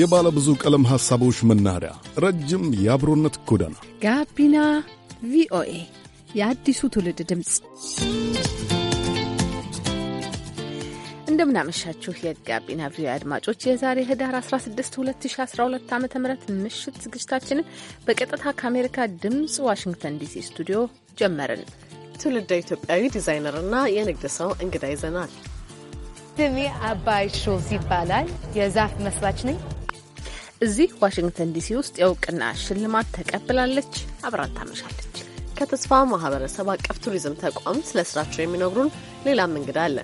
የባለ ብዙ ቀለም ሐሳቦች መናኸሪያ፣ ረጅም የአብሮነት ጎዳና፣ ጋቢና ቪኦኤ የአዲሱ ትውልድ ድምፅ። እንደምናመሻችሁ የጋቢና ቪ አድማጮች፣ የዛሬ ህዳር 16 2012 ዓ ም ምሽት ዝግጅታችንን በቀጥታ ከአሜሪካ ድምፅ ዋሽንግተን ዲሲ ስቱዲዮ ጀመርን። ትውልደ ኢትዮጵያዊ ዲዛይነርና የንግድ ሰው እንግዳ ይዘናል። ስሜ አባይ ሾዝ ይባላል። የዛፍ መስራች ነኝ። እዚህ ዋሽንግተን ዲሲ ውስጥ የእውቅና ሽልማት ተቀብላለች። አብራት ታመሻለች። ከተስፋ ማህበረሰብ አቀፍ ቱሪዝም ተቋም ስለ ስራቸው የሚነግሩን ሌላም እንግዳ አለ።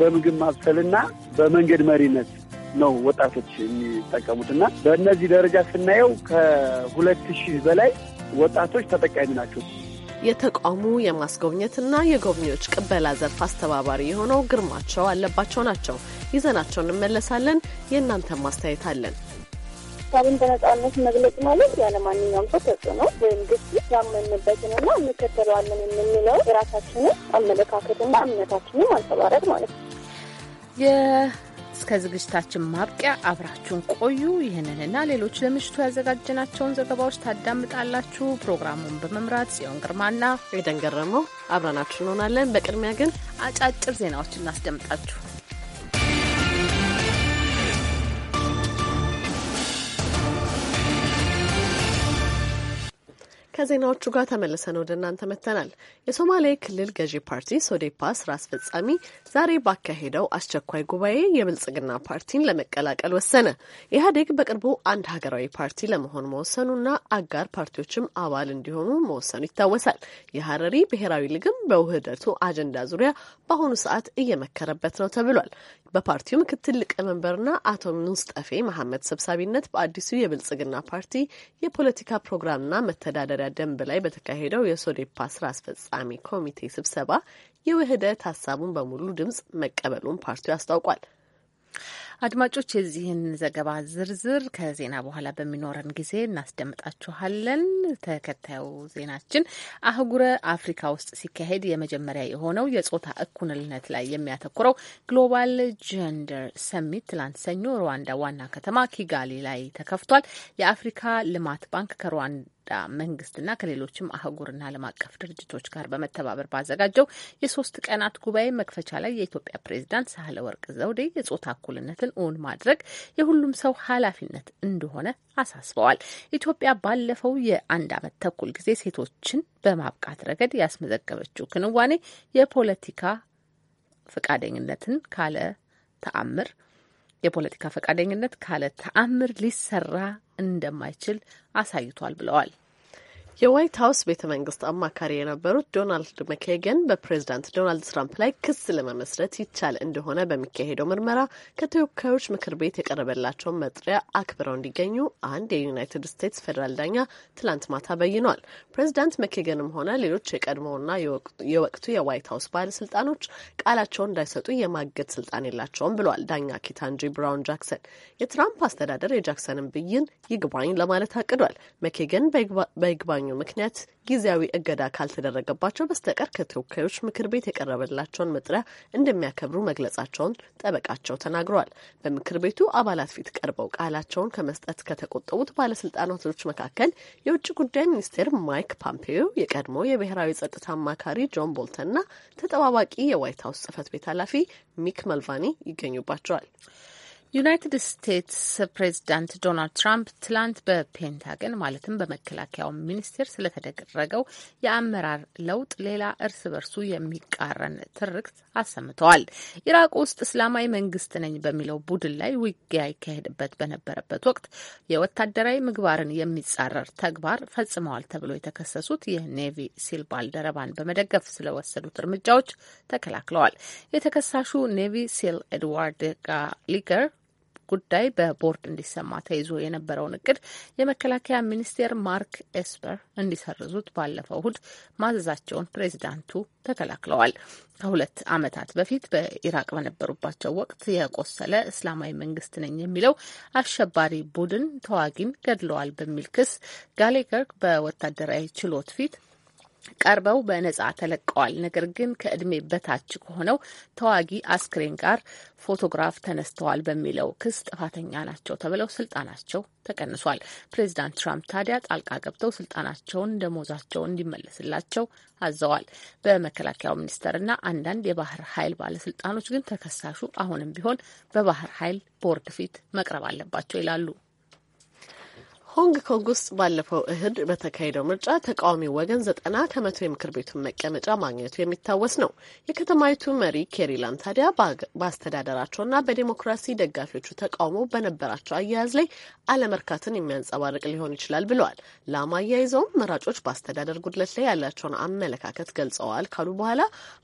በምግብ ማብሰልና በመንገድ መሪነት ነው ወጣቶች የሚጠቀሙት እና በእነዚህ ደረጃ ስናየው ከሁለት ሺህ በላይ ወጣቶች ተጠቃሚ ናቸው። የተቋሙ የማስጎብኘትና የጎብኚዎች ቅበላ ዘርፍ አስተባባሪ የሆነው ግርማቸው አለባቸው ናቸው። ይዘናቸው እንመለሳለን። የእናንተን ማስተያየት አለን። ሀሳብን በነጻነት መግለጽ ማለት ያለ ማንኛውም ሰው ተጽዕኖ ወይም ግፊት ያመንበትንና እንከተለዋለን የምንለው የራሳችንን አመለካከትና እምነታችንን ማንጸባረቅ ማለት ነው። እስከ ዝግጅታችን ማብቂያ አብራችሁን ቆዩ። ይህንንና ሌሎች ለምሽቱ ያዘጋጀናቸውን ዘገባዎች ታዳምጣላችሁ። ፕሮግራሙን በመምራት ጽዮን ግርማና ኤደን ገረመው አብረናችሁ እንሆናለን። በቅድሚያ ግን አጫጭር ዜናዎች እናስደምጣችሁ። ከዜናዎቹ ጋር ተመልሰን ወደ እናንተ መጥተናል። የሶማሌ ክልል ገዢ ፓርቲ ሶዴፓ ስራ አስፈጻሚ ዛሬ ባካሄደው አስቸኳይ ጉባኤ የብልጽግና ፓርቲን ለመቀላቀል ወሰነ። ኢህአዴግ በቅርቡ አንድ ሀገራዊ ፓርቲ ለመሆን መወሰኑና አጋር ፓርቲዎችም አባል እንዲሆኑ መወሰኑ ይታወሳል። የሀረሪ ብሔራዊ ልግም በውህደቱ አጀንዳ ዙሪያ በአሁኑ ሰዓት እየመከረበት ነው ተብሏል። በፓርቲው ምክትል ሊቀመንበርና አቶ ሙስጠፌ መሐመድ ሰብሳቢነት በአዲሱ የብልጽግና ፓርቲ የፖለቲካ ፕሮግራምና መተዳደሪያ መተዳደሪያ ደንብ ላይ በተካሄደው የሶዴፓ ስራ አስፈጻሚ ኮሚቴ ስብሰባ የውህደት ሀሳቡን በሙሉ ድምጽ መቀበሉን ፓርቲው አስታውቋል። አድማጮች የዚህን ዘገባ ዝርዝር ከዜና በኋላ በሚኖረን ጊዜ እናስደምጣችኋለን። ተከታዩ ዜናችን አህጉረ አፍሪካ ውስጥ ሲካሄድ የመጀመሪያ የሆነው የጾታ እኩልነት ላይ የሚያተኩረው ግሎባል ጀንደር ሰሚት ትላንት ሰኞ ሩዋንዳ ዋና ከተማ ኪጋሊ ላይ ተከፍቷል። የአፍሪካ ልማት ባንክ ከሩዋንዳ ከካናዳ መንግስትና ከሌሎችም አህጉርና ዓለም አቀፍ ድርጅቶች ጋር በመተባበር ባዘጋጀው የሶስት ቀናት ጉባኤ መክፈቻ ላይ የኢትዮጵያ ፕሬዚዳንት ሳህለ ወርቅ ዘውዴ የጾታ እኩልነትን እውን ማድረግ የሁሉም ሰው ኃላፊነት እንደሆነ አሳስበዋል። ኢትዮጵያ ባለፈው የአንድ ዓመት ተኩል ጊዜ ሴቶችን በማብቃት ረገድ ያስመዘገበችው ክንዋኔ የፖለቲካ ፈቃደኝነትን ካለ ተአምር የፖለቲካ ፈቃደኝነት ካለ ተአምር ሊሰራ እንደማይችል አሳይቷል ብለዋል። የዋይት ሀውስ ቤተ መንግስት አማካሪ የነበሩት ዶናልድ መኬገን በፕሬዝዳንት ዶናልድ ትራምፕ ላይ ክስ ለመመስረት ይቻል እንደሆነ በሚካሄደው ምርመራ ከተወካዮች ምክር ቤት የቀረበላቸውን መጥሪያ አክብረው እንዲገኙ አንድ የዩናይትድ ስቴትስ ፌዴራል ዳኛ ትላንት ማታ በይኗል። ፕሬዚዳንት መኬገንም ሆነ ሌሎች የቀድሞውና የወቅቱ የዋይት ሀውስ ባለስልጣኖች ቃላቸውን እንዳይሰጡ የማገድ ስልጣን የላቸውም ብለዋል ዳኛ ኪታንጂ ብራውን ጃክሰን። የትራምፕ አስተዳደር የጃክሰንን ብይን ይግባኝ ለማለት አቅዷል። መኬገን በይግባኝ በተገኘ ምክንያት ጊዜያዊ እገዳ ካልተደረገባቸው በስተቀር ከተወካዮች ምክር ቤት የቀረበላቸውን መጥሪያ እንደሚያከብሩ መግለጻቸውን ጠበቃቸው ተናግረዋል። በምክር ቤቱ አባላት ፊት ቀርበው ቃላቸውን ከመስጠት ከተቆጠቡት ባለስልጣናቶች መካከል የውጭ ጉዳይ ሚኒስቴር ማይክ ፖምፔዮ፣ የቀድሞ የብሔራዊ ጸጥታ አማካሪ ጆን ቦልተንና ተጠባባቂ የዋይት ሀውስ ጽህፈት ቤት ኃላፊ ሚክ መልቫኒ ይገኙባቸዋል። ዩናይትድ ስቴትስ ፕሬዚዳንት ዶናልድ ትራምፕ ትላንት በፔንታገን ማለትም በመከላከያው ሚኒስቴር ስለተደረገው የአመራር ለውጥ ሌላ እርስ በርሱ የሚቃረን ትርክት አሰምተዋል። ኢራቅ ውስጥ እስላማዊ መንግስት ነኝ በሚለው ቡድን ላይ ውጊያ ይካሄድበት በነበረበት ወቅት የወታደራዊ ምግባርን የሚጻረር ተግባር ፈጽመዋል ተብሎ የተከሰሱት የኔቪ ሲል ባልደረባን በመደገፍ ስለወሰዱት እርምጃዎች ተከላክለዋል። የተከሳሹ ኔቪ ሲል ኤድዋርድ ጋሊገር ጉዳይ በቦርድ እንዲሰማ ተይዞ የነበረውን እቅድ የመከላከያ ሚኒስቴር ማርክ ኤስፐር እንዲሰርዙት ባለፈው እሁድ ማዘዛቸውን ፕሬዚዳንቱ ተከላክለዋል። ከሁለት ዓመታት በፊት በኢራቅ በነበሩባቸው ወቅት የቆሰለ እስላማዊ መንግስት ነኝ የሚለው አሸባሪ ቡድን ተዋጊን ገድለዋል በሚል ክስ ጋሌገር በወታደራዊ ችሎት ፊት ቀርበው በነጻ ተለቀዋል። ነገር ግን ከእድሜ በታች ከሆነው ተዋጊ አስክሬን ጋር ፎቶግራፍ ተነስተዋል በሚለው ክስ ጥፋተኛ ናቸው ተብለው ስልጣናቸው ተቀንሷል። ፕሬዚዳንት ትራምፕ ታዲያ ጣልቃ ገብተው ስልጣናቸውን፣ ደሞዛቸው እንዲመለስላቸው አዘዋል። በመከላከያው ሚኒስቴርና አንዳንድ የባህር ኃይል ባለስልጣኖች ግን ተከሳሹ አሁንም ቢሆን በባህር ኃይል ቦርድ ፊት መቅረብ አለባቸው ይላሉ። ሆንግ ኮንግ ውስጥ ባለፈው እህድ በተካሄደው ምርጫ ተቃዋሚ ወገን ዘጠና ከመቶ የምክር ቤቱን መቀመጫ ማግኘቱ የሚታወስ ነው። የከተማይቱ መሪ ኬሪ ላም ታዲያ በአስተዳደራቸውና በዴሞክራሲ ደጋፊዎቹ ተቃውሞ በነበራቸው አያያዝ ላይ አለመርካትን የሚያንጸባርቅ ሊሆን ይችላል ብለዋል። ላም አያይዘውም መራጮች በአስተዳደር ጉድለት ላይ ያላቸውን አመለካከት ገልጸዋል ካሉ በኋላ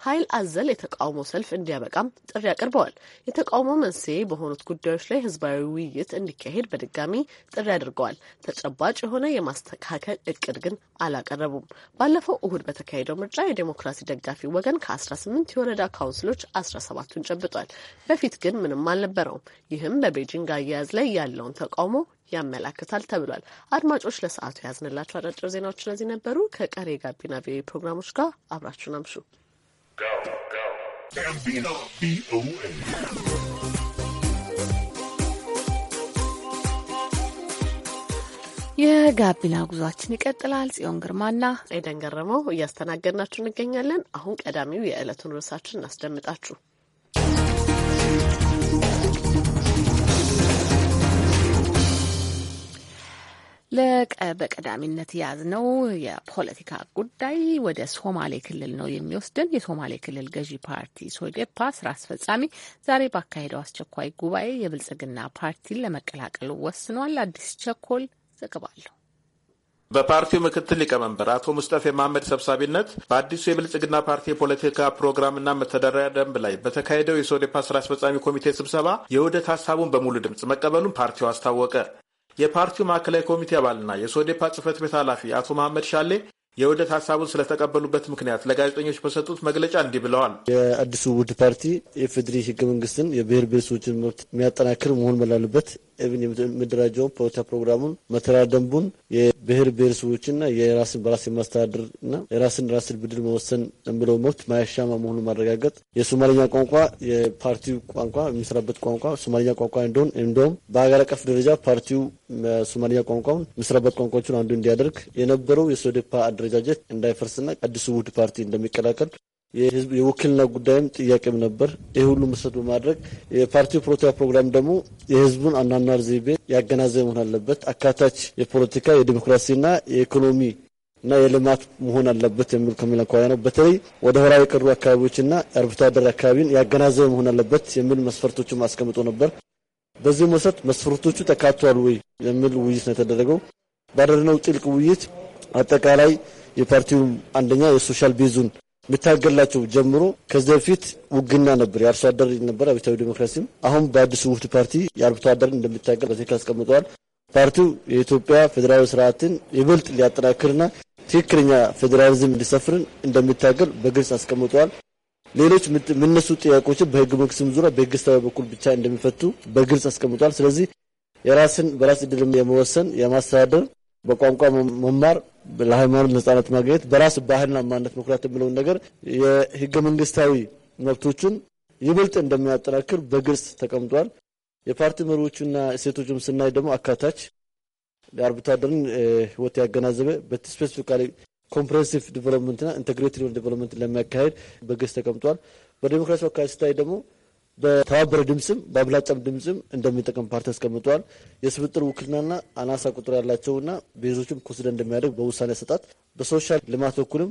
ኃይል አዘል የተቃውሞ ሰልፍ እንዲያበቃም ጥሪ አቅርበዋል። የተቃውሞ መንስኤ በሆኑት ጉዳዮች ላይ ህዝባዊ ውይይት እንዲካሄድ በድጋሚ ጥሪ አድርገዋል። ተጨባጭ የሆነ የማስተካከል እቅድ ግን አላቀረቡም። ባለፈው እሁድ በተካሄደው ምርጫ የዴሞክራሲ ደጋፊ ወገን ከ18 የወረዳ ካውንስሎች 17ቱን ጨብጧል። በፊት ግን ምንም አልነበረውም። ይህም በቤጂንግ አያያዝ ላይ ያለውን ተቃውሞ ያመላክታል ተብሏል። አድማጮች፣ ለሰዓቱ የያዝንላቸው አጫጭር ዜናዎች እነዚህ ነበሩ። ከቀሪ ጋቢና ቪኦኤ ፕሮግራሞች ጋር አብራችሁን አምሹ። የጋቢና ጉዟችን ይቀጥላል። ጽዮን ግርማና ኤደን ገረመው እያስተናገድናችሁ እንገኛለን። አሁን ቀዳሚው የዕለቱን ርዕሳችን እናስደምጣችሁ። በቀዳሚነት የያዝነው የፖለቲካ ጉዳይ ወደ ሶማሌ ክልል ነው የሚወስድን። የሶማሌ ክልል ገዢ ፓርቲ ሶዴፓ ስራ አስፈጻሚ ዛሬ ባካሄደው አስቸኳይ ጉባኤ የብልጽግና ፓርቲን ለመቀላቀል ወስኗል። አዲስ ቸኮል ዘገባለሁ። በፓርቲው ምክትል ሊቀመንበር አቶ ሙስጠፌ መሀመድ ሰብሳቢነት በአዲሱ የብልጽግና ፓርቲ የፖለቲካ ፕሮግራምና መተዳደሪያ ደንብ ላይ በተካሄደው የሶዴፓ ስራ አስፈጻሚ ኮሚቴ ስብሰባ የውህደት ሀሳቡን በሙሉ ድምፅ መቀበሉን ፓርቲው አስታወቀ። የፓርቲው ማዕከላዊ ኮሚቴ አባልና የሶዴፓ ጽህፈት ቤት ኃላፊ አቶ መሐመድ ሻሌ የውህደት ሀሳቡን ስለተቀበሉበት ምክንያት ለጋዜጠኞች በሰጡት መግለጫ እንዲህ ብለዋል። የአዲሱ ውህድ ፓርቲ የፌዴሪ ህገ መንግስትን የብሔር ብሔረሰቦችን መብት የሚያጠናክር መሆን መላሉበት ኢብን የምደራጀውን ፖለቲካ ፕሮግራሙን መተራ ደንቡን የብሔር ብሔረሰቦችና የራስን በራስ የማስተዳደርና የራስን ራስን ብድር መወሰን ብለው መብት ማያሻማ መሆኑን ማረጋገጥ፣ የሶማሊኛ ቋንቋ የፓርቲው ቋንቋ የሚሰራበት ቋንቋ ሶማሊኛ ቋንቋ እንደሆን እንደውም በሀገር አቀፍ ደረጃ ፓርቲው ሶማሊኛ ቋንቋውን የሚሰራበት ቋንቋዎችን አንዱ እንዲያደርግ የነበረው የሶዴፓ አደረጃጀት እንዳይፈርስና አዲሱ ውህድ ፓርቲ እንደሚቀላቀል የህዝብ የውክልና ጉዳይም ጥያቄም ነበር። ይህ ሁሉ መሰረት በማድረግ የፓርቲው ፖለቲካ ፕሮግራም ደግሞ የህዝቡን አኗኗር ዘይቤ ያገናዘበ መሆን አለበት። አካታች የፖለቲካ የዲሞክራሲና የኢኮኖሚ እና የልማት መሆን አለበት የሚል ከሚል አኳያ ነው። በተለይ ወደ ኋላ የቀሩ አካባቢዎችና አርብቶ አደር አካባቢን ያገናዘበ መሆን አለበት የሚል መስፈርቶችም አስቀምጦ ነበር። በዚህ መሰረት መስፈርቶቹ ተካቷል ወይ የሚል ውይይት ነው የተደረገው። ባደረግነው ጥልቅ ውይይት አጠቃላይ የፓርቲውም አንደኛ የሶሻል ቤዙን የምታገላቸው ጀምሮ ከዚ በፊት ውግና ነበር፣ የአርሶ አደር ነበር አብዮታዊ ዲሞክራሲም። አሁን በአዲሱ ውህድ ፓርቲ የአርብቶ አደርን እንደሚታገል በትክክል አስቀምጠዋል። ፓርቲው የኢትዮጵያ ፌዴራዊ ስርዓትን ይበልጥ ሊያጠናክርና ትክክለኛ ፌዴራሊዝም እንዲሰፍርን እንደሚታገል በግልጽ አስቀምጠዋል። ሌሎች የምነሱ ጥያቄዎችን በህግ መንግስትም ዙሪያ በህግ ስታዊ በኩል ብቻ እንደሚፈቱ በግልጽ አስቀምጠዋል። ስለዚህ የራስን በራስ ዕድል የመወሰን የማስተዳደር በቋንቋ መማር፣ ለሃይማኖት ነጻነት ማግኘት፣ በራስ ባህልና ማንነት መኩራት የሚለውን ነገር የህገ መንግስታዊ መብቶችን ይበልጥ እንደሚያጠናክር በግልጽ ተቀምጧል። የፓርቲ መሪዎቹና እሴቶችም ስናይ ደግሞ አካታች የአርብቶ አደርን ህይወት ያገናዘበ በስፔሲፊካሊ ኮምፕሬንሲቭ ዲቨሎፕመንትና ኢንቴግሬቲቭ ዲቨሎፕመንት ለሚያካሄድ በግልጽ ተቀምጧል። በዴሞክራሲ አካባቢ ስታይ ደግሞ በተባበረ ድምፅም በአብላጫም ድምፅም እንደሚጠቀም ፓርቲ አስቀምጠዋል። የስብጥር ውክልናና አናሳ ቁጥር ያላቸውና ብሔሮችም ኮንሲደር እንደሚያደርግ በውሳኔ አሰጣጥ በሶሻል ልማት በኩልም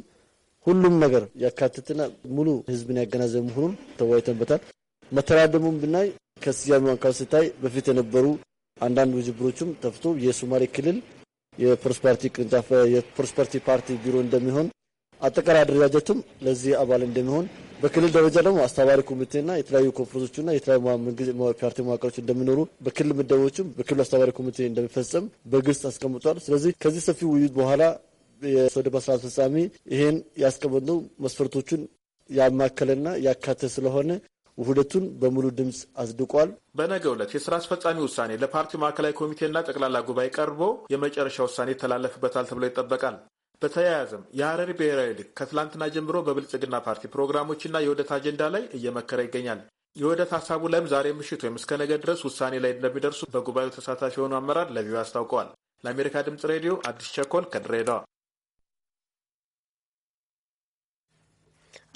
ሁሉም ነገር ያካትትና ሙሉ ህዝብን ያገናዘበ መሆኑን ተወያይተንበታል። መተዳደሙን ብናይ ከስያሜ አንካል ስታይ በፊት የነበሩ አንዳንድ ውዝብሮችም ተፍቶ የሶማሌ ክልል የፕሮስ ፓርቲ ቅርንጫፍ ፓርቲ ቢሮ እንደሚሆን አጠቃላይ አደረጃጀቱም ለዚህ አባል እንደሚሆን በክልል ደረጃ ደግሞ አስተባባሪ ኮሚቴና የተለያዩ ኮንፈረንሶችና የተለያዩ ፓርቲ መዋቅሮች እንደሚኖሩ በክልል ምደቦችም በክልሉ አስተባባሪ ኮሚቴ እንደሚፈጸም በግልጽ አስቀምጧል። ስለዚህ ከዚህ ሰፊ ውይይት በኋላ የሶደባ ስራ አስፈጻሚ ይሄን ያስቀመጡ መስፈርቶቹን ያማከለና ያካተ ስለሆነ ውህደቱን በሙሉ ድምፅ አጽድቋል። በነገ ዕለት የስራ አስፈጻሚ ውሳኔ ለፓርቲው ማዕከላዊ ኮሚቴና ጠቅላላ ጉባኤ ቀርቦ የመጨረሻ ውሳኔ ይተላለፍበታል ተብሎ ይጠበቃል። በተያያዘም የሀረሪ ብሔራዊ ሊግ ከትላንትና ጀምሮ በብልጽግና ፓርቲ ፕሮግራሞችና የውህደት አጀንዳ ላይ እየመከረ ይገኛል። የውህደት ሀሳቡ ላይም ዛሬ ምሽት ወይም እስከ ነገ ድረስ ውሳኔ ላይ እንደሚደርሱ በጉባኤው ተሳታፊ የሆኑ አመራር ለቪዮ አስታውቀዋል። ለአሜሪካ ድምጽ ሬዲዮ አዲስ ቸኮል ከድሬዳዋ።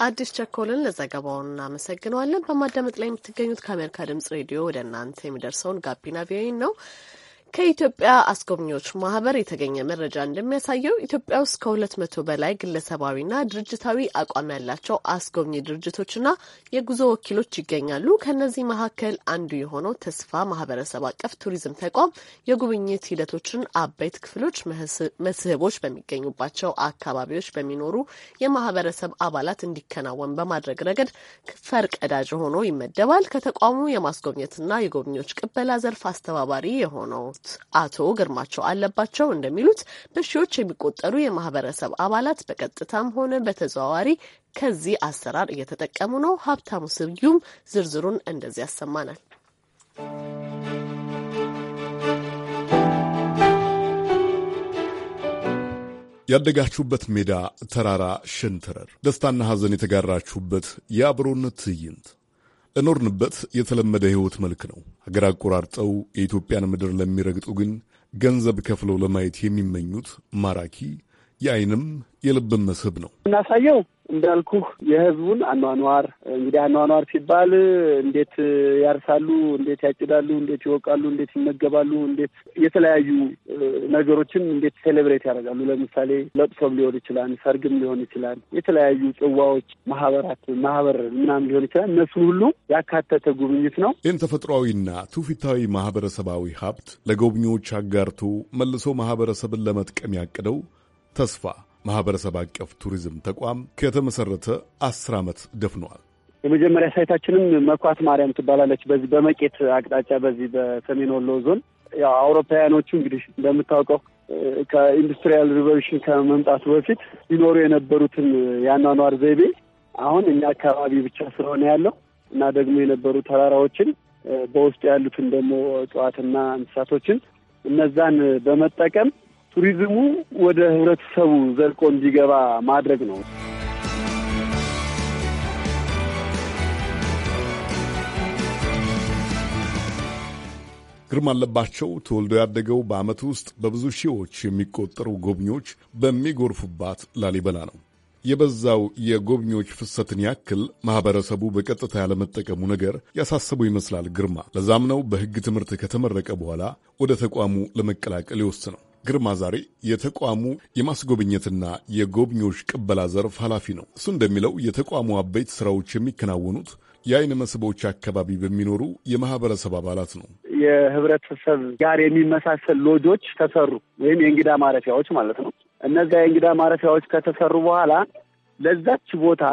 አዲስ ቸኮልን ለዘገባውን እናመሰግነዋለን። በማዳመጥ ላይ የምትገኙት ከአሜሪካ ድምጽ ሬዲዮ ወደ እናንተ የሚደርሰውን ጋቢና ቪኦኤ ነው። ከኢትዮጵያ አስጎብኚዎች ማህበር የተገኘ መረጃ እንደሚያሳየው ኢትዮጵያ ውስጥ ከሁለት መቶ በላይ ግለሰባዊና ድርጅታዊ አቋም ያላቸው አስጎብኚ ድርጅቶችና የጉዞ ወኪሎች ይገኛሉ። ከእነዚህ መካከል አንዱ የሆነው ተስፋ ማህበረሰብ አቀፍ ቱሪዝም ተቋም የጉብኝት ሂደቶችን አበይት ክፍሎች፣ መስህቦች በሚገኙባቸው አካባቢዎች በሚኖሩ የማህበረሰብ አባላት እንዲከናወን በማድረግ ረገድ ፈርቀዳጅ ሆኖ ይመደባል። ከተቋሙ የማስጎብኘትና የጎብኚዎች ቅበላ ዘርፍ አስተባባሪ የሆነው አቶ ግርማቸው አለባቸው እንደሚሉት በሺዎች የሚቆጠሩ የማህበረሰብ አባላት በቀጥታም ሆነ በተዘዋዋሪ ከዚህ አሰራር እየተጠቀሙ ነው። ሀብታሙ ስዩም ዝርዝሩን እንደዚህ ያሰማናል። ያደጋችሁበት ሜዳ፣ ተራራ፣ ሸንተረር፣ ደስታና ሐዘን የተጋራችሁበት የአብሮነት ትዕይንት ለኖርንበት የተለመደ ሕይወት መልክ ነው። ሀገር አቆራርጠው የኢትዮጵያን ምድር ለሚረግጡ ግን ገንዘብ ከፍለው ለማየት የሚመኙት ማራኪ የአይንም የልብም መስህብ ነው። እናሳየው እንዳልኩህ የህዝቡን አኗኗር እንግዲህ አኗኗር ሲባል እንዴት ያርሳሉ፣ እንዴት ያጭዳሉ፣ እንዴት ይወቃሉ፣ እንዴት ይመገባሉ፣ እንዴት የተለያዩ ነገሮችን እንዴት ሴሌብሬት ያደርጋሉ። ለምሳሌ ለቅሶም ሊሆን ይችላል፣ ሰርግም ሊሆን ይችላል፣ የተለያዩ ጽዋዎች፣ ማህበራት፣ ማህበር ምናምን ሊሆን ይችላል። እነሱን ሁሉ ያካተተ ጉብኝት ነው። ይህን ተፈጥሯዊና ትውፊታዊ ማህበረሰባዊ ሀብት ለጎብኚዎች አጋርቶ መልሶ ማህበረሰብን ለመጥቀም ያቅደው ተስፋ ማህበረሰብ አቀፍ ቱሪዝም ተቋም ከተመሰረተ አስር ዓመት ደፍኗል። የመጀመሪያ ሳይታችንም መኳት ማርያም ትባላለች። በዚህ በመቄት አቅጣጫ በዚህ በሰሜን ወሎ ዞን ያው አውሮፓውያኖቹ እንግዲህ እንደምታውቀው ከኢንዱስትሪያል ሪቨሉሽን ከመምጣቱ በፊት ሊኖሩ የነበሩትን የአኗኗር ዘይቤ አሁን እኛ አካባቢ ብቻ ስለሆነ ያለው እና ደግሞ የነበሩ ተራራዎችን በውስጡ ያሉትን ደግሞ እጽዋትና እንስሳቶችን እነዛን በመጠቀም ቱሪዝሙ ወደ ህብረተሰቡ ዘልቆ እንዲገባ ማድረግ ነው። ግርማ አለባቸው ተወልዶ ያደገው በዓመት ውስጥ በብዙ ሺዎች የሚቆጠሩ ጎብኚዎች በሚጎርፉባት ላሊበላ ነው። የበዛው የጎብኚዎች ፍሰትን ያክል ማኅበረሰቡ በቀጥታ ያለመጠቀሙ ነገር ያሳሰቡ ይመስላል ግርማ። ለዛም ነው በሕግ ትምህርት ከተመረቀ በኋላ ወደ ተቋሙ ለመቀላቀል ይወስነው። ግርማ ዛሬ የተቋሙ የማስጎብኘትና የጎብኚዎች ቅበላ ዘርፍ ኃላፊ ነው። እሱ እንደሚለው የተቋሙ አበይት ስራዎች የሚከናወኑት የአይን መስህቦች አካባቢ በሚኖሩ የማህበረሰብ አባላት ነው። የህብረተሰብ ጋር የሚመሳሰል ሎጆች ተሰሩ ወይም የእንግዳ ማረፊያዎች ማለት ነው። እነዚያ የእንግዳ ማረፊያዎች ከተሰሩ በኋላ ለዛች ቦታ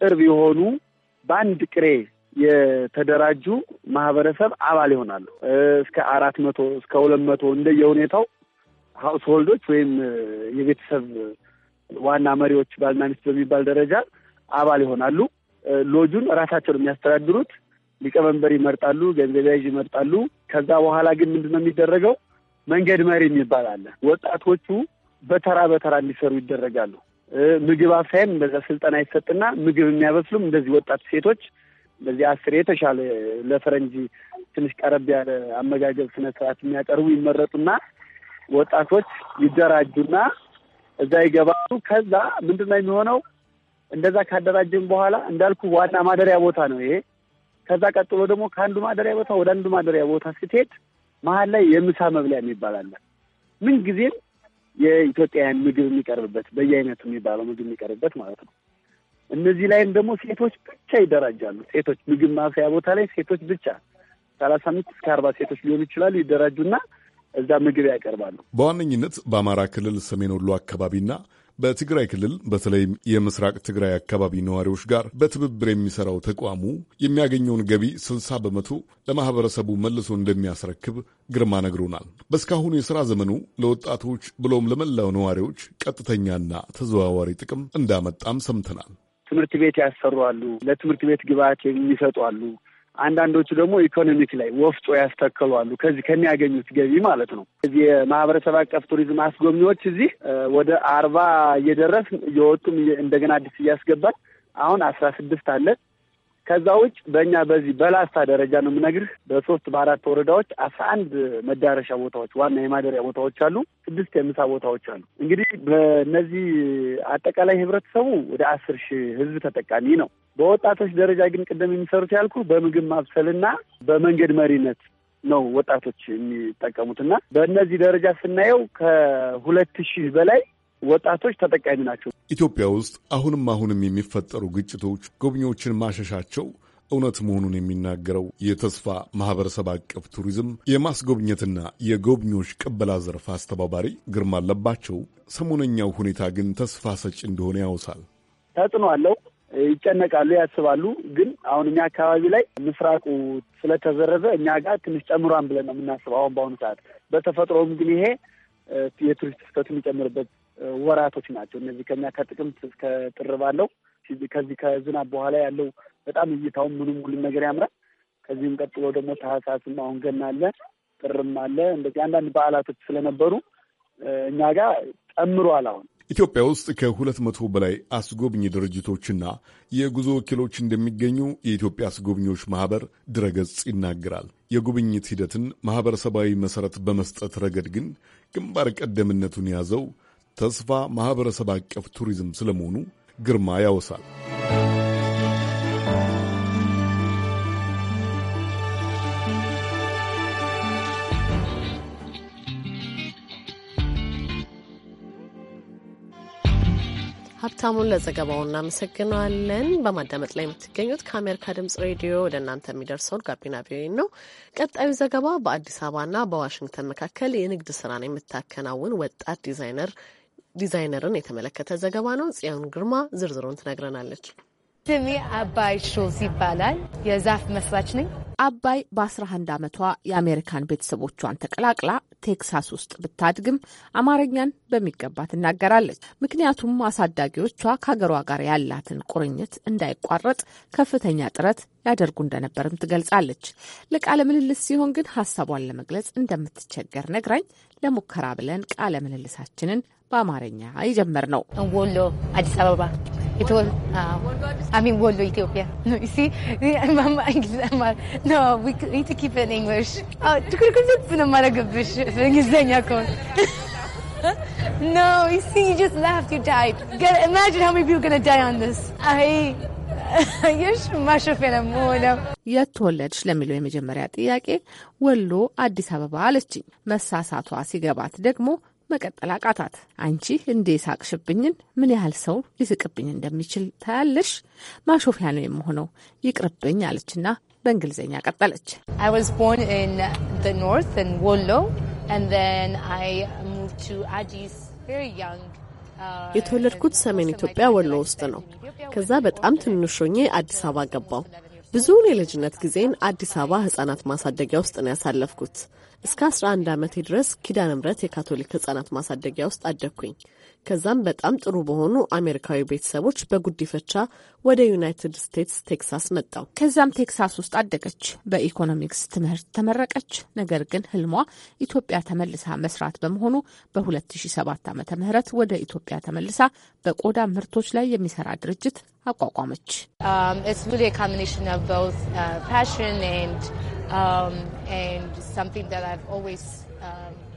ቅርብ የሆኑ በአንድ ቅሬ የተደራጁ ማህበረሰብ አባል ይሆናሉ። እስከ አራት መቶ እስከ ሁለት መቶ እንደየሁኔታው ሀውስሆልዶች ወይም የቤተሰብ ዋና መሪዎች ባልና ሚስት በሚባል ደረጃ አባል ይሆናሉ። ሎጁን ራሳቸው ነው የሚያስተዳድሩት። ሊቀመንበር ይመርጣሉ፣ ገንዘብ ያዥ ይመርጣሉ። ከዛ በኋላ ግን ምንድነው ነው የሚደረገው? መንገድ መሪ የሚባል አለ። ወጣቶቹ በተራ በተራ እንዲሰሩ ይደረጋሉ። ምግብ አብሳይም በዛ ስልጠና ይሰጥና ምግብ የሚያበስሉም እንደዚህ ወጣት ሴቶች እንደዚህ አስር የተሻለ ለፈረንጅ ትንሽ ቀረብ ያለ አመጋገብ ስነስርዓት የሚያቀርቡ ይመረጡና ወጣቶች ይደራጁና እዛ ይገባሉ። ከዛ ምንድን ነው የሚሆነው? እንደዛ ካደራጀን በኋላ እንዳልኩ ዋና ማደሪያ ቦታ ነው ይሄ። ከዛ ቀጥሎ ደግሞ ከአንዱ ማደሪያ ቦታ ወደ አንዱ ማደሪያ ቦታ ስትሄድ መሀል ላይ የምሳ መብለያ የሚባል አለ። ምንጊዜም የኢትዮጵያውያን ምግብ የሚቀርብበት በየአይነቱ የሚባለው ምግብ የሚቀርብበት ማለት ነው። እነዚህ ላይም ደግሞ ሴቶች ብቻ ይደራጃሉ። ሴቶች ምግብ ማብሰያ ቦታ ላይ ሴቶች ብቻ ሰላሳ አምስት እስከ አርባ ሴቶች ሊሆኑ ይችላሉ። ይደራጁና እዛ ምግብ ያቀርባሉ። በዋነኝነት በአማራ ክልል ሰሜን ወሎ አካባቢና በትግራይ ክልል በተለይም የምስራቅ ትግራይ አካባቢ ነዋሪዎች ጋር በትብብር የሚሰራው ተቋሙ የሚያገኘውን ገቢ ስልሳ በመቶ ለማህበረሰቡ መልሶ እንደሚያስረክብ ግርማ ነግሮናል። በእስካሁኑ የሥራ ዘመኑ ለወጣቶች ብሎም ለመላው ነዋሪዎች ቀጥተኛና ተዘዋዋሪ ጥቅም እንዳመጣም ሰምተናል። ትምህርት ቤት ያሰሩ አሉ። ለትምህርት ቤት ግብዓት የሚሰጡ አሉ። አንዳንዶቹ ደግሞ ኢኮኖሚክ ላይ ወፍጮ ያስተክሏሉ ከዚህ ከሚያገኙት ገቢ ማለት ነው። እዚህ የማህበረሰብ አቀፍ ቱሪዝም አስጎብኚዎች እዚህ ወደ አርባ እየደረስ እየወጡም እንደገና አዲስ እያስገባል አሁን አስራ ስድስት አለ ከዛ ውጭ በእኛ በዚህ በላስታ ደረጃ ነው የምነግርህ። በሶስት በአራት ወረዳዎች አስራ አንድ መዳረሻ ቦታዎች ዋና የማደሪያ ቦታዎች አሉ። ስድስት የምሳ ቦታዎች አሉ። እንግዲህ በእነዚህ አጠቃላይ ህብረተሰቡ ወደ አስር ሺህ ህዝብ ተጠቃሚ ነው። በወጣቶች ደረጃ ግን ቅደም የሚሰሩት ያልኩ በምግብ ማብሰልና በመንገድ መሪነት ነው ወጣቶች የሚጠቀሙት እና በእነዚህ ደረጃ ስናየው ከሁለት ሺህ በላይ ወጣቶች ተጠቃሚ ናቸው። ኢትዮጵያ ውስጥ አሁንም አሁንም የሚፈጠሩ ግጭቶች ጎብኚዎችን ማሸሻቸው እውነት መሆኑን የሚናገረው የተስፋ ማህበረሰብ አቀፍ ቱሪዝም የማስጎብኘትና የጎብኚዎች ቅበላ ዘርፍ አስተባባሪ ግርማ አለባቸው፣ ሰሞነኛው ሁኔታ ግን ተስፋ ሰጪ እንደሆነ ያውሳል። ተጽዕኖ አለው። ይጨነቃሉ፣ ያስባሉ። ግን አሁን እኛ አካባቢ ላይ ምስራቁ ስለተዘረዘ እኛ ጋር ትንሽ ጨምሯን ብለን ነው የምናስበው አሁን በአሁኑ ሰዓት። በተፈጥሮም ግን ይሄ የቱሪስት ፍሰቱ የሚጨምርበት ወራቶች ናቸው። እነዚህ ከኛ ከጥቅምት እስከ ጥር ባለው ከዚህ ከዝናብ በኋላ ያለው በጣም እይታውን ምኑም ሁሉም ነገር ያምራል። ከዚህም ቀጥሎ ደግሞ ታህሳስም አሁን ገና አለ፣ ጥርም አለ። እንደዚህ አንዳንድ በዓላቶች ስለነበሩ እኛ ጋር ጨምሯል። አሁን ኢትዮጵያ ውስጥ ከሁለት መቶ በላይ አስጎብኝ ድርጅቶችና የጉዞ ወኪሎች እንደሚገኙ የኢትዮጵያ አስጎብኚዎች ማህበር ድረገጽ ይናገራል። የጉብኝት ሂደትን ማህበረሰባዊ መሰረት በመስጠት ረገድ ግን ግንባር ቀደምነቱን የያዘው ተስፋ ማኅበረሰብ አቀፍ ቱሪዝም ስለመሆኑ ግርማ ያወሳል። ሀብታሙን ለዘገባው እናመሰግናለን። በማዳመጥ ላይ የምትገኙት ከአሜሪካ ድምጽ ሬዲዮ ወደ እናንተ የሚደርሰውን ጋቢና ቪኦኤ ነው። ቀጣዩ ዘገባ በአዲስ አበባና በዋሽንግተን መካከል የንግድ ስራን የምታከናውን ወጣት ዲዛይነር ዲዛይነርን የተመለከተ ዘገባ ነው። ጽዮን ግርማ ዝርዝሩን ትነግረናለች። ስሜ አባይ ሾዝ ይባላል። የዛፍ መስራች ነኝ። አባይ በ11 ዓመቷ የአሜሪካን ቤተሰቦቿን ተቀላቅላ ቴክሳስ ውስጥ ብታድግም አማርኛን በሚገባ ትናገራለች። ምክንያቱም አሳዳጊዎቿ ከሀገሯ ጋር ያላትን ቁርኝት እንዳይቋረጥ ከፍተኛ ጥረት ያደርጉ እንደነበርም ትገልጻለች። ለቃለ ምልልስ ሲሆን ግን ሀሳቧን ለመግለጽ እንደምትቸገር ነግራኝ ለሙከራ ብለን ቃለ ምልልሳችንን በአማርኛ የጀመር ነው። ወሎ አዲስ አበባ አሚን ወሎ ኢትዮጵያ ነው እንግሊዝኛ ከሆነ No, you see, you just laughed. You died. Get, imagine how many people are going to die on this. I. የት ለሚለው የመጀመሪያ ጥያቄ ወሎ አዲስ አበባ አለችኝ። መሳሳቷ ሲገባት ደግሞ መቀጠል አቃታት። አንቺ እንዴ ሳቅሽብኝን ምን ያህል ሰው ሊስቅብኝ እንደሚችል ታያለሽ። ማሾፊያ ነው የምሆነው፣ ይቅርብኝ አለችና በእንግሊዝኛ ቀጠለች። uh, የተወለድኩት ሰሜን ኢትዮጵያ ወሎ ውስጥ ነው። ከዛ በጣም ትንሾ አዲስ አበባ ገባው። ብዙውን የልጅነት ጊዜን አዲስ አበባ ህጻናት ማሳደጊያ ውስጥ ነው ያሳለፍኩት። እስከ 11 ዓመቴ ድረስ ኪዳነ ምረት የካቶሊክ ህጻናት ማሳደጊያ ውስጥ አደግኩኝ። ከዛም በጣም ጥሩ በሆኑ አሜሪካዊ ቤተሰቦች በጉዲፈቻ ወደ ዩናይትድ ስቴትስ ቴክሳስ መጣው። ከዛም ቴክሳስ ውስጥ አደገች። በኢኮኖሚክስ ትምህርት ተመረቀች። ነገር ግን ህልሟ ኢትዮጵያ ተመልሳ መስራት በመሆኑ በ2007 ዓ ምህረት ወደ ኢትዮጵያ ተመልሳ በቆዳ ምርቶች ላይ የሚሰራ ድርጅት አቋቋመች። um, Um, um,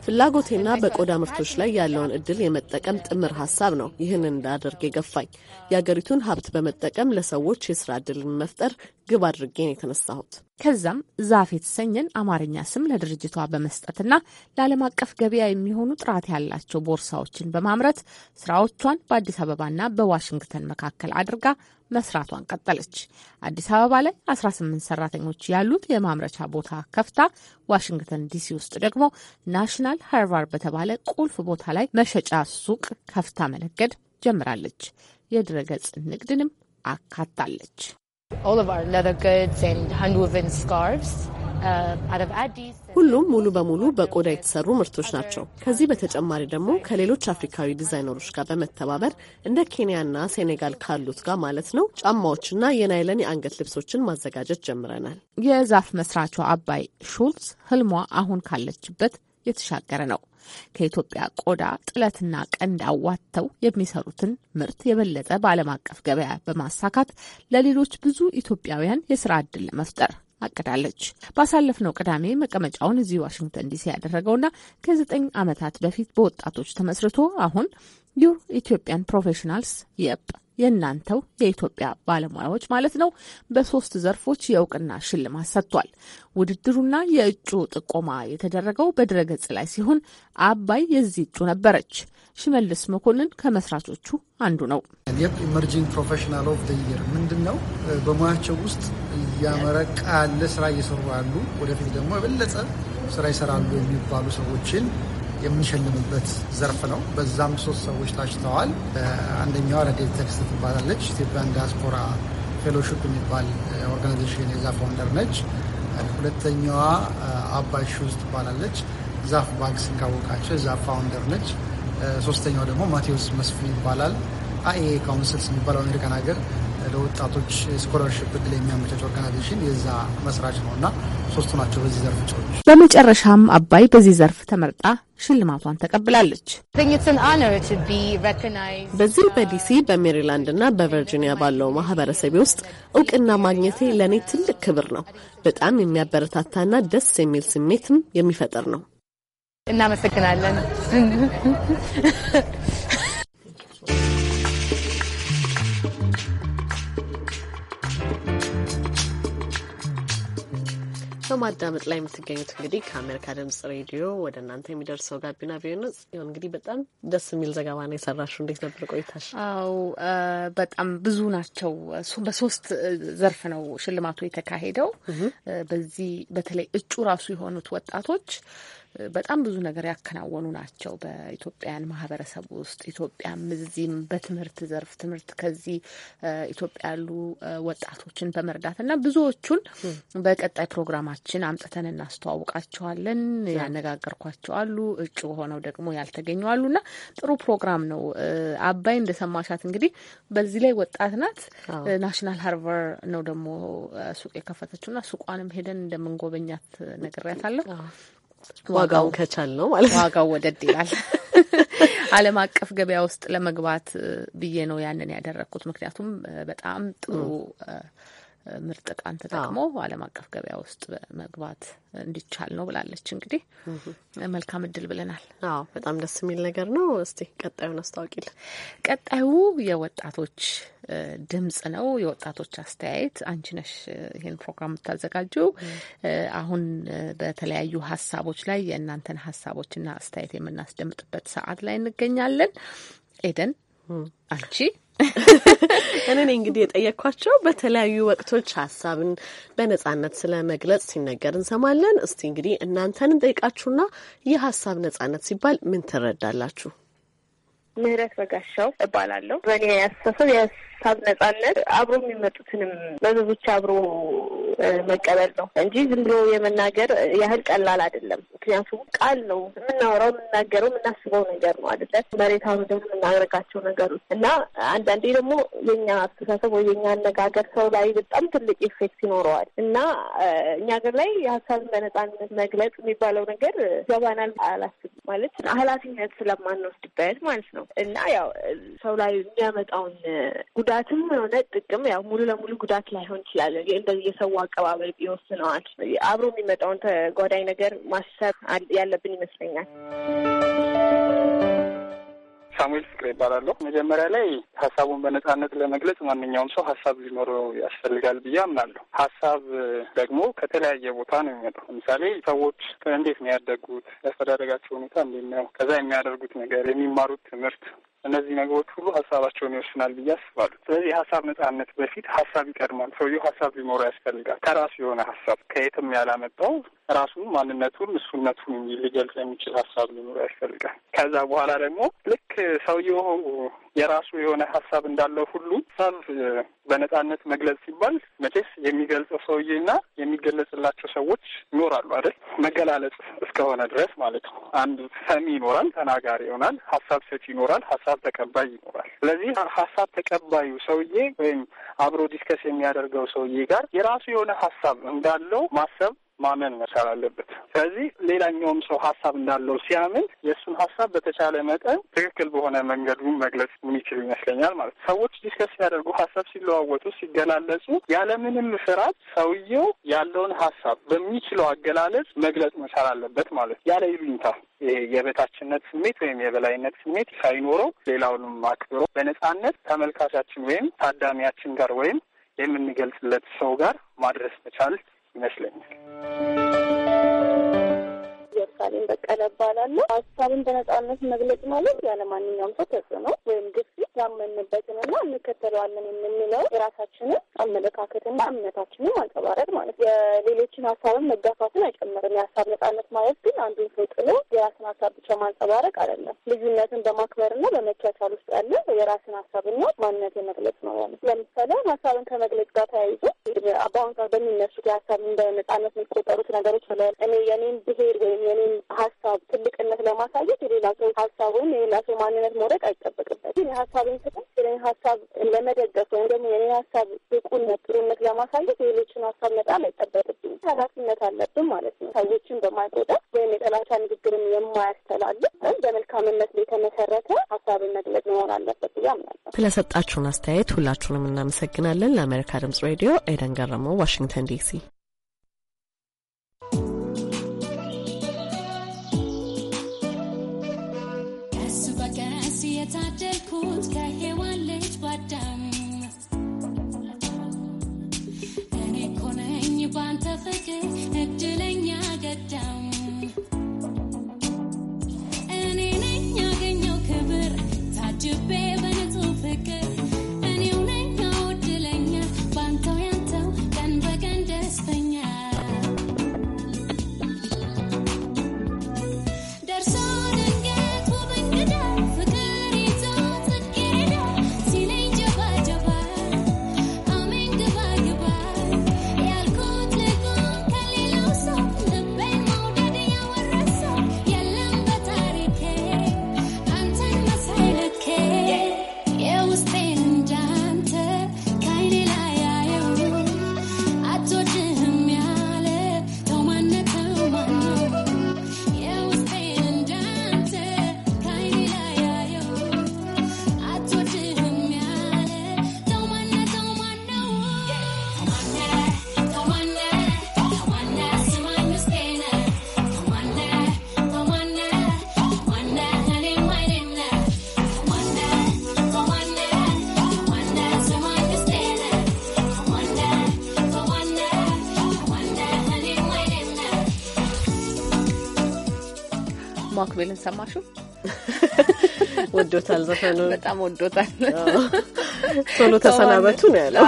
ፍላጎቴና በቆዳ ምርቶች ላይ ያለውን እድል የመጠቀም ጥምር ሀሳብ ነው ይህን እንዳደርግ የገፋኝ። የአገሪቱን ሀብት በመጠቀም ለሰዎች የስራ እድልን መፍጠር ግብ አድርጌን የተነሳሁት ከዛም ዛፍ የተሰኘን አማርኛ ስም ለድርጅቷ በመስጠትና ለዓለም አቀፍ ገበያ የሚሆኑ ጥራት ያላቸው ቦርሳዎችን በማምረት ስራዎቿን በአዲስ አበባና በዋሽንግተን መካከል አድርጋ መስራቷን ቀጠለች። አዲስ አበባ ላይ 18 ሰራተኞች ያሉት የማምረቻ ቦታ ከፍታ ዋሽንግተን ዲሲ ውስጥ ደግሞ ናሽናል ሃርቫር በተባለ ቁልፍ ቦታ ላይ መሸጫ ሱቅ ከፍታ መነገድ ጀምራለች። የድረገጽ ንግድንም አካታለች። Uh, ሁሉም ሙሉ በሙሉ በቆዳ የተሰሩ ምርቶች ናቸው። ከዚህ በተጨማሪ ደግሞ ከሌሎች አፍሪካዊ ዲዛይነሮች ጋር በመተባበር እንደ ኬንያና ሴኔጋል ካሉት ጋር ማለት ነው ጫማዎችና የናይለን የአንገት ልብሶችን ማዘጋጀት ጀምረናል። የዛፍ መስራቿ አባይ ሹልስ ህልሟ አሁን ካለችበት የተሻገረ ነው። ከኢትዮጵያ ቆዳ ጥለትና ቀንድ አዋጥተው የሚሰሩትን ምርት የበለጠ በዓለም አቀፍ ገበያ በማሳካት ለሌሎች ብዙ ኢትዮጵያውያን የስራ ዕድል ለመፍጠር አቅዳለች። ባሳለፍነው ቅዳሜ መቀመጫውን እዚህ ዋሽንግተን ዲሲ ያደረገውና ከዘጠኝ ዓመታት በፊት በወጣቶች ተመስርቶ አሁን ዩር ኢትዮጵያን ፕሮፌሽናልስ የፕ የእናንተው የኢትዮጵያ ባለሙያዎች ማለት ነው በሶስት ዘርፎች የእውቅና ሽልማት ሰጥቷል። ውድድሩና የእጩ ጥቆማ የተደረገው በድረገጽ ላይ ሲሆን አባይ የዚህ እጩ ነበረች። ሽመልስ መኮንን ከመስራቾቹ አንዱ ነው። ኢመርጂንግ ፕሮፌሽናል ኦፍ ደየር ምንድን ነው? በሙያቸው ውስጥ እያመረቃ ያለ ስራ እየሰሩ ያሉ ወደፊት ደግሞ የበለጠ ስራ ይሰራሉ የሚባሉ ሰዎችን የምንሸልምበት ዘርፍ ነው። በዛም ሶስት ሰዎች ታጭተዋል። አንደኛዋ ረዴት ተክስ ትባላለች። ኢትዮጵያን ዲያስፖራ ፌሎሺፕ የሚባል ኦርጋናይዜሽን የዛ ፋውንደር ነች። ሁለተኛዋ አባይ ሹዝ ትባላለች። ዛፍ ባንክ ስንካወቃቸው የዛፍ ፋውንደር ነች። ሶስተኛው ደግሞ ማቴዎስ መስፍን ይባላል። አኤ ካውንስልስ የሚባለው አሜሪካን ሀገር ለወጣቶች ስኮለርሽፕ እድል የሚያመቻች ኦርጋናይዜሽን የዛ መስራች ነው እና ሶስቱ ናቸው በዚህ ዘርፍ እጩዎች። በመጨረሻም አባይ በዚህ ዘርፍ ተመርጣ ሽልማቷን ተቀብላለች። በዚህ በዲሲ በሜሪላንድ እና በቨርጂኒያ ባለው ማህበረሰቤ ውስጥ እውቅና ማግኘቴ ለእኔ ትልቅ ክብር ነው። በጣም የሚያበረታታና ደስ የሚል ስሜትም የሚፈጥር ነው። እናመሰግናለን። በማዳመጥ ላይ የምትገኙት እንግዲህ ከአሜሪካ ድምጽ ሬዲዮ ወደ እናንተ የሚደርሰው ጋቢና ቪዮኖስ ሆን እንግዲህ በጣም ደስ የሚል ዘገባ ነው የሰራሹ። እንዴት ነበር ቆይታሽ? አው በጣም ብዙ ናቸው። በሶስት ዘርፍ ነው ሽልማቱ የተካሄደው። በዚህ በተለይ እጩ ራሱ የሆኑት ወጣቶች በጣም ብዙ ነገር ያከናወኑ ናቸው በኢትዮጵያን ማህበረሰብ ውስጥ። ኢትዮጵያ ምዚም በትምህርት ዘርፍ ትምህርት ከዚህ ኢትዮጵያ ያሉ ወጣቶችን በመርዳት እና ብዙዎቹን በቀጣይ ፕሮግራማችን አምጥተን እናስተዋውቃቸዋለን። ያነጋገርኳቸው አሉ፣ እጩ ሆነው ደግሞ ያልተገኙ አሉ እና ጥሩ ፕሮግራም ነው። አባይ እንደሰማሻት እንግዲህ በዚህ ላይ ወጣት ናት። ናሽናል ሀርቨር ነው ደግሞ ሱቅ የከፈተችው እና ሱቋንም ሄደን እንደምንጎበኛት ነግሬያታለሁ። ዋጋውን ከቻል ነው ማለት ነው። ዋጋው ወደድ ይላል። ዓለም አቀፍ ገበያ ውስጥ ለመግባት ብዬ ነው ያንን ያደረግኩት። ምክንያቱም በጣም ጥሩ ምርጥ ዕቃን ተጠቅሞ ዓለም አቀፍ ገበያ ውስጥ መግባት እንዲቻል ነው ብላለች። እንግዲህ መልካም እድል ብለናል። አዎ በጣም ደስ የሚል ነገር ነው። እስቲ ቀጣዩን አስታውቂልን። ቀጣዩ የወጣቶች ድምጽ ነው። የወጣቶች አስተያየት አንቺ ነሽ ይህን ፕሮግራም የምታዘጋጀው። አሁን በተለያዩ ሀሳቦች ላይ የእናንተን ሀሳቦችና አስተያየት የምናስደምጥበት ሰዓት ላይ እንገኛለን። ኤደን አንቺ እኔ እንግዲህ የጠየቅኳቸው በተለያዩ ወቅቶች ሀሳብን በነጻነት ስለ መግለጽ ሲነገር እንሰማለን። እስቲ እንግዲህ እናንተን እንጠይቃችሁና የሀሳብ ነጻነት ሲባል ምን ትረዳላችሁ? ምህረት በጋሻው እባላለሁ። በእኔ አስተሳሰብ ሀሳብ ነጻነት አብሮ የሚመጡትንም መዘዞች አብሮ መቀበል ነው እንጂ ዝም ብሎ የመናገር ያህል ቀላል አይደለም። ምክንያቱም ቃል ነው የምናወራው፣ የምናገረው፣ የምናስበው ነገር ነው አደለ? መሬት ደግሞ የምናደርጋቸው ነገሮች እና አንዳንዴ ደግሞ የኛ አስተሳሰብ ወይ የኛ አነጋገር ሰው ላይ በጣም ትልቅ ኢፌክት ይኖረዋል እና እኛ ሀገር ላይ ሀሳብን በነጻነት መግለጽ የሚባለው ነገር ገባናል አላስብ ማለት ኃላፊነት ስለማንወስድበት ማለት ነው እና ያው ሰው ላይ የሚያመጣውን ጉዳትም ሆነ ጥቅም ያው ሙሉ ለሙሉ ጉዳት ላይሆን ይችላል። እንደዚህ የሰው አቀባበል ይወስነዋል። አብሮ የሚመጣውን ተጓዳኝ ነገር ማሰብ ያለብን ይመስለኛል። ሳሙኤል ፍቅሬ ይባላለሁ። መጀመሪያ ላይ ሀሳቡን በነጻነት ለመግለጽ ማንኛውም ሰው ሀሳብ ሊኖረው ያስፈልጋል ብዬ አምናለሁ። ሀሳብ ደግሞ ከተለያየ ቦታ ነው የሚመጣው። ለምሳሌ ሰዎች እንዴት ነው ያደጉት፣ ያስተዳደጋቸው ሁኔታ እንዴት ነው፣ ከዛ የሚያደርጉት ነገር፣ የሚማሩት ትምህርት እነዚህ ነገሮች ሁሉ ሀሳባቸውን ይወስናል ብዬ አስባለሁ። ስለዚህ የሀሳብ ነጻነት በፊት ሀሳብ ይቀድማል። ሰውየው ሀሳብ ሊኖረው ያስፈልጋል። ከራሱ የሆነ ሀሳብ ከየትም ያላመጣው ራሱን ማንነቱን እሱነቱን ሊገልጽ የሚችል ሀሳብ ሊኖረው ያስፈልጋል። ከዛ በኋላ ደግሞ ልክ ሰውየው የራሱ የሆነ ሀሳብ እንዳለው ሁሉ ሀሳብ በነጻነት መግለጽ ሲባል መቼስ የሚገልጸው ሰውዬና የሚገለጽላቸው ሰዎች ይኖራሉ አይደል? መገላለጽ እስከሆነ ድረስ ማለት ነው። አንድ ሰሚ ይኖራል፣ ተናጋሪ ይሆናል፣ ሀሳብ ሰጪ ይኖራል፣ ሀሳብ ተቀባይ ይኖራል። ስለዚህ ሀሳብ ተቀባዩ ሰውዬ ወይም አብሮ ዲስከስ የሚያደርገው ሰውዬ ጋር የራሱ የሆነ ሀሳብ እንዳለው ማሰብ ማመን መቻል አለበት። ስለዚህ ሌላኛውም ሰው ሀሳብ እንዳለው ሲያምን የእሱን ሀሳብ በተቻለ መጠን ትክክል በሆነ መንገዱ መግለጽ የሚችሉ ይመስለኛል ማለት ሰዎች ዲስከስ ሲያደርጉ፣ ሀሳብ ሲለዋወጡ፣ ሲገላለጹ ያለምንም ፍርሃት ሰውየው ያለውን ሀሳብ በሚችለው አገላለጽ መግለጽ መቻል አለበት ማለት ያለ ይሉኝታ የበታችነት ስሜት ወይም የበላይነት ስሜት ሳይኖረው ሌላውንም አክብሮ በነጻነት ተመልካቻችን ወይም ታዳሚያችን ጋር ወይም የምንገልጽለት ሰው ጋር ማድረስ መቻል ይመስለኛል። ኢየሩሳሌም በቀለ እባላለሁ። ሀሳብን በነጻነት መግለጽ ማለት ያለማንኛውም ሰው ተጽዕኖ ወይም ግፊት ያመንበትን እና እንከተለዋለን የምንለው የራሳችንን አመለካከትና እምነታችንን ማንጸባረቅ ማለት የሌሎችን ሀሳብን መጋፋትን አይጨምርም። የሀሳብ ነጻነት ማለት ግን አንዱን ሰው ጥሎ የራስን ሀሳብ ብቻ ማንጸባረቅ አይደለም። ልዩነትን በማክበርና በመቻቻል ውስጥ ያለ የራስን ሀሳብና ማንነት የመግለጽ ነው ለምሳሌ ሀሳብን ከመግለጽ ጋር ተያይዞ በአሁን ሰዓት በሚነሱት የሀሳብ እንደ ነጻነት የሚቆጠሩት ነገሮች ብለል እኔ የኔን ብሄር ወይም የኔን ሀሳብ ትልቅነት ለማሳየት የሌላ ሰው ሀሳብ ወይም የሌላ ሰው ማንነት መውደቅ ግን የሀሳብ ሀሳብን ስጠት የኔን ሀሳብ ለመደገፍ ወይም ደግሞ የኔን ሀሳብ ብቁነት፣ ጥሩነት ለማሳየት የሌሎችን ሀሳብ መጣል አይጠበቅብኝ። ኃላፊነት አለብን ማለት ነው። ሰዎችን በማይጎዳ ወይም የጠላቻ ንግግርን የማያስተላልፍ በመልካምነት የተመሰረተ ሀሳብን መግለጽ መሆን አለበት ብዬ አምናለሁ። ስለሰጣችሁን አስተያየት ሁላችሁንም እናመሰግናለን። ለአሜሪካ ድምጽ ሬዲዮ ኤደን ገረመው፣ ዋሽንግተን ዲሲ የታደልኩት ከሔዋን ልጅ ባዳም እኔ ኮነኝ ባንተ ፍቅር እድለኛ ገዳም አክቤልን ሰማሹ? ወዶታል ዘፈኑ በጣም ወዶታል። ቶሎ ተሰናበቱ ነው ያለው።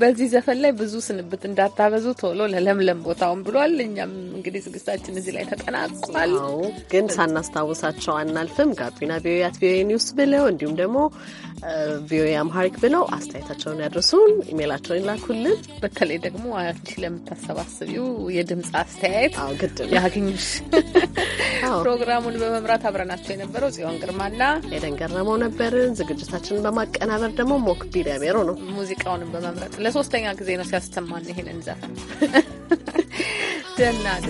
በዚህ ዘፈን ላይ ብዙ ስንብት እንዳታበዙ ቶሎ ለለምለም ቦታውን ብሏል። እኛም እንግዲህ ዝግጅታችን እዚህ ላይ ተጠናቋል። ግን ሳናስታውሳቸው አናልፍም። ጋቢና ቪኦኤ አት ቪኦኤ ኒውስ ብለው እንዲሁም ደግሞ ቪኦኤ አምሃሪክ ብለው አስተያየታቸውን ያድርሱን፣ ኢሜይላቸውን ይላኩልን። በተለይ ደግሞ አንቺ ለምታሰባስቢው የድምፅ አስተያየት ግድ ያገኙሽ። ፕሮግራሙን በመምራት አብረናቸው የነበረው ጽዮን ግርማና ኤደን ገረመው ነበርን። ዝግጅታችንን በማቀናበር ደግሞ ሞክቢል ያሜሮ ነው ሙዚቃውንም በመምረጥ ለሶስተኛ ጊዜ ነው ሲያስተማን ይሄንን ዘፈን ደህና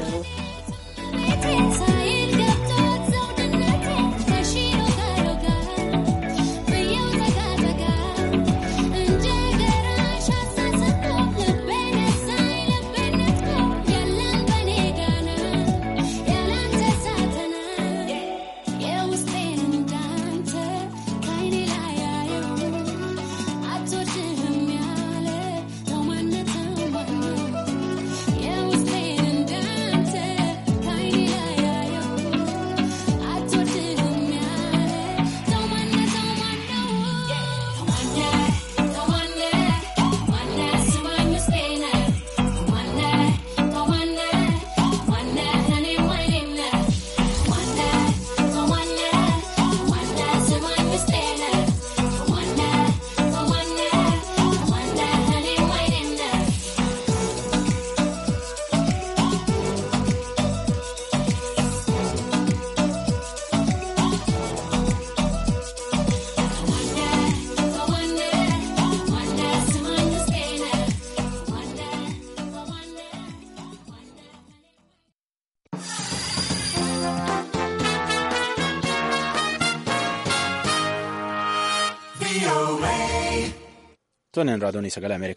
Toinen raadioon sagalee Ameerikaa.